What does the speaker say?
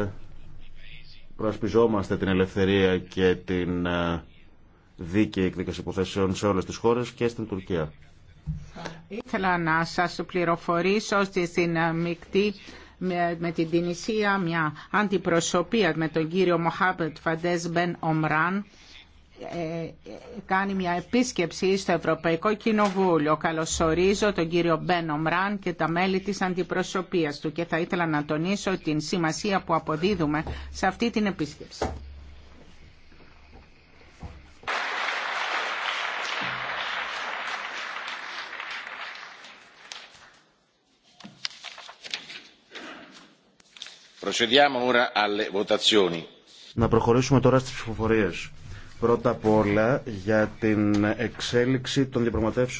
Ε, προασπιζόμαστε την ελευθερία και την ε, δίκαιη εκδίκαση υποθέσεων σε όλες τις χώρες και στην Τουρκία. Ήθελα να σας πληροφορήσω ότι στην μεικτή με, την Τινησία μια αντιπροσωπεία με τον κύριο Μοχάμπετ Φαντές Μπεν Ομράν κάνει μια επίσκεψη στο Ευρωπαϊκό Κοινοβούλιο. Καλωσορίζω τον κύριο Μπεν Ομράν και τα μέλη της αντιπροσωπείας του και θα ήθελα να τονίσω την σημασία που αποδίδουμε σε αυτή την επίσκεψη. Να προχωρήσουμε τώρα στις ψηφοφορίες. Πρώτα απ' όλα για την εξέλιξη των διαπραγματεύσεων